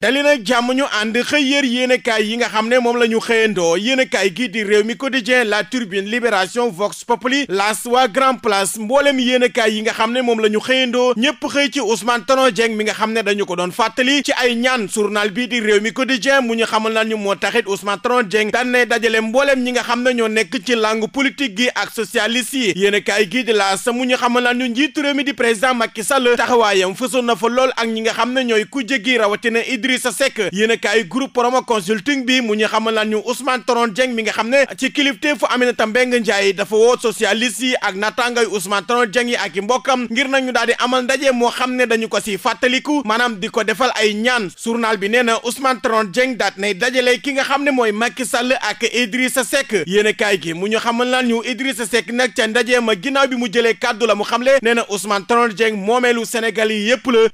dali nag jàmm ñu ànd xëy yéer yéenekaay yi nga xam ne moom la ñu xëyandoo yéenekaay gii di réew mi quotidien la turbine libération vox populi la waa grand place mboolem yéenekaay yi nga xam ne moom la ñu xëyandoo ñépp xëy ci Ousmane tron Dieng mi nga xam ne dañu ko doon fàttali ci ay ñaan journal bii di réew mi quotidien mu ñu xamal nañu moo taxit Ousmane Tanor Dieng daan dajale mboolem ñi nga xam ne ñoo nekk ci langue politique gi ak socialiste yi yéenekaay gii di laas mu ñu xamal nañu njiitu réew mi di président Macky Sall taxawaayam fësoon na fa lool ak ñi nga xam ne ñooy ku jéggi rawatina Idrissa Seck yéen kaay groupe promo consulting bi mu ñu xamal ñu Ousmane Tanor Dieng mi nga xam ne ci kilifteefu Aminata Mbengue Ndiaye dafa woo socialiste yi ak naataangay Ousmane Tanor Dieng yi ak i mbokkam ngir nag ñu daal di amal ndaje moo xam ne dañu ko si fàttaliku maanaam di ko defal ay ñaan journal bi nee na Ousmane Tanor Dieng daat nay dajale ki nga xam ne mooy Macky Sall ak Idrissa Seck yéen a kaay gi mu ñu xamal laan ñu Idrissa Seck nag ca ndaje ma ginnaaw bi mu jëlee kàddu la mu xamle nee na Ousmane Tanor Dieng moomeelu Sénégal yi yëpp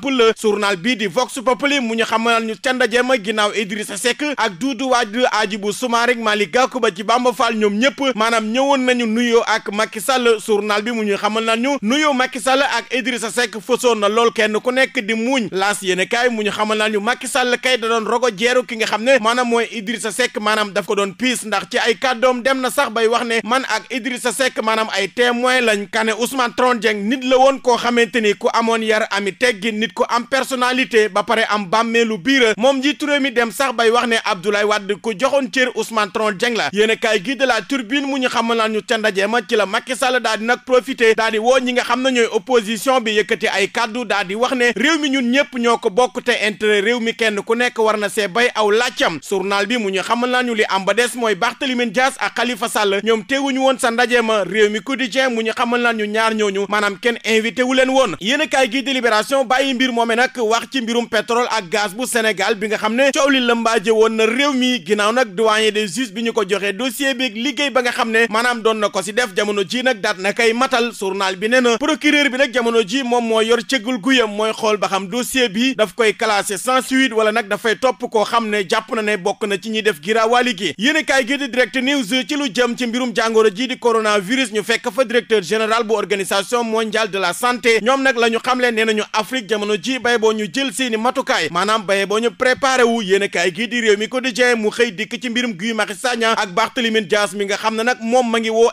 sampu la journal bii di Vox Populi mu ñu xamal ñu ca ndaje ma ginnaaw Idrissa Seck ak Doudou Wade Hadjibou Soumaré Malick Gakou ba ci Bamba Fall ñoom ñëpp maanaam ñëwoon nañu nuyoo ak Macky Sall journal bi mu ñu xamal nañu nuyoo Macky Sall ak Idrissa Seck fësoon na lool kenn ku nekk di muuñ laas yéene kaay mu ñu xamal nañu Macky Sall kay da doon rogo jeeru ki nga xam ne maanaam mooy Idrissa Seck maanaam daf ko doon piis ndax ci ay kàddoom dem na sax bay wax ne man ak Idrissa Seck maanaam ay témoin lañ kane Ousmane Tanor la woon koo xamante ni ku amoon yar ko ku am personnalité ba pare am bàmmeelu biira moom njiitu réew mi dem sax bay wax ne Abdoulaye Wade ku joxoon cër Ousmane Tanor Dieng la yéen a gi de la turbine mu ñu xamal naa ñu ca ndaje ma ci la Macky Sall daal di nag profité daal di woo ñi nga xam ne ñooy opposition bi yëkkati ay kàddu daadi wax ne réew mi ñun ñëpp ñoo ko bokk te intérêt réew mi kenn ku nekk war na see bay aw laajam journal bi mu ñu xamal naa ñu li am ba des mooy Barthélémy Dias ak Khalifa Sall ñoom teewuñu woon sa ndaje ma réew mi quotidien mu ñu xamal naa ñu ñaar ñooñu maanaam kenn invité wu leen woon yéen a kaay gi délibération bàyyi mbir moome nag wax ci mbirum pétrole ak gaz bu Sénégal bi nga xam ne coow li lëmbaaje woon na réew mi ginaaw nag doyen des juges bi ñu ko joxee dossier bi liggéey ba nga xam ne maanaam doon na ko si def jamono ji nag daat na kay matal journal bi nee na procureur bi nag jamono ji moom moo yor cëggul guyam mooy xool ba xam dossier bi daf koy classé sans suite wala nag dafay topp koo xam ne jàpp na ne bokk na ci ñuy def giraawaali gi yéen kaay gi di direct ci lu jëm ji di coronavirus fekk fa général bu organisation mondiale de ñoom nag la ñu xamle nee nañu Afrique jamono jamono ji bay boo ñu jël seeni matukaay maanaam bay boo ñu préparé wu yéen a kaay gii di réew mi quotidien mu xëy dikk ci mbirum Guy mi nga xam ne nag moom ma ngi woo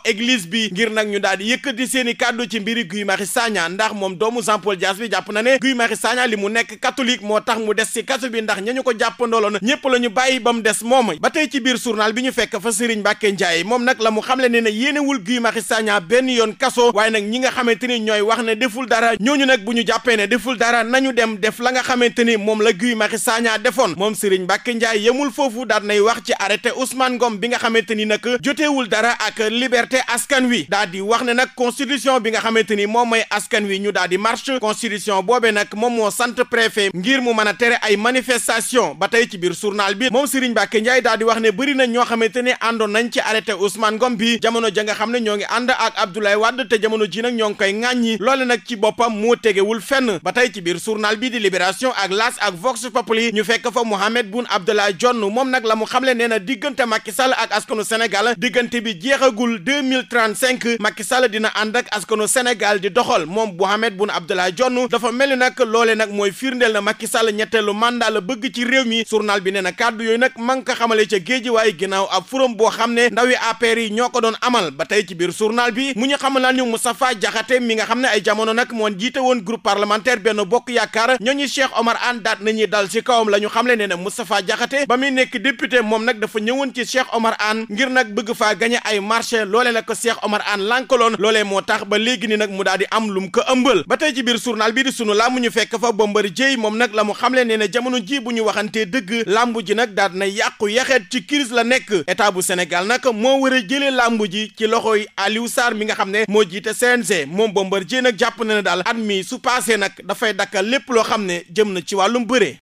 bi ngir nag ñu daal di yëkkati seeni kàddu ci mbiri Guy Marius Sagna ndax moom doomu Jean Paul Dias bi jàpp na ne Guy Marius li mu nekk catholique moo tax mu des si kaso bi ndax ña ñu ko jàppandooloon ñépp la ñu bàyyi ba mu des moom ba tey ci biir journal bi ñu fekk fa Serigne Mbacké Ndiaye moom nag la mu xamle ne ne yéenewul Guy Marius benn yoon kaso waaye nag ñi nga xamante ni ñooy wax ne deful dara ñu nag bu ñu jàppee ne deful dara nañu dem def la nga xamante ni moom la Guy Marius Sagna defoon moom Serigne Mbacké Ndiaye yemul foofu daal nay wax ci arrêté Ousmane Ngom bi nga xamante ni nag joteewul dara ak liberté askan wi daal di wax ne nag constitution bi nga xamante ni moom mooy askan wi ñu daal di marche constitution boobee nag moom moo sant préfet ngir mu mën a tere ay manifestation ba tey ci biir journal bi moom Serigne Mbacké Ndiaye daal di wax ne bëri na ñoo xamante ni àndoon nañ ci arrêté Ousmane Ngom bi jamono ja nga xam ne ñoo ngi ànd ak Abdoulaye Wade te jamono ji nag ñoo ngi koy ŋàññi loole nag ci boppam moo tegewul fenn ba tey ci biir biir journal bi di Libération ak L'As ak Vox Populi ñu fekk fa Mohamed Boun Abdallah jonn moom nag la mu xamle nee na diggante Macky Sall ak askanu Sénégal diggante bi jeexagul 2035 Macky Sall dina ànd ak askanu Sénégal di doxal moom Mohamed Boun Abdallah jonn dafa mel ni nag loole nag mooy firndeel na Macky Sall ñetteelu mandat la bëgg ci réew mi journal bi nee na kàddu yooyu nag ma nga ko xamale ca géej waaye ginnaaw ab forum boo xam ne ndawi APR yi ñoo ko doon amal ba tey ci biir journal bi mu ñu xamal ñu Moustapha Diakhaté mi nga xam ne ay jamono nag jiite woon groupe parlementaire benn bokk yaakaar ñooñu Cheikh Omar Anne daat nañuy dal ci kawam la ñu xamle ne ne Moustapha Diakhaté ba muy nekk député moom nag dafa ñëwoon ci Cheikh Omar Anne ngir nag bëgg faa gañe ay marché loolee la ko Cheikh Omar Anne lànkaloon loolee moo tax ba léegi nii nag mu daal di am lum ko ëmbal ba tey ci biir journal bi di sunu làmb ñu fekk fa Bombardier moom nag la mu xamle ne ne jamono ji bu ñu waxantee dëgg làmb ji nag daat na yàqu yaxeet ci crise la nekk état bu Sénégal nag moo war a jëlee làmb ji ci loxoy Aliou Sarr mi nga xam ne moo jiite CNG moom Bombardier nag na ne daal daaka lépp loo xam ne jëm na ci wàllum bëree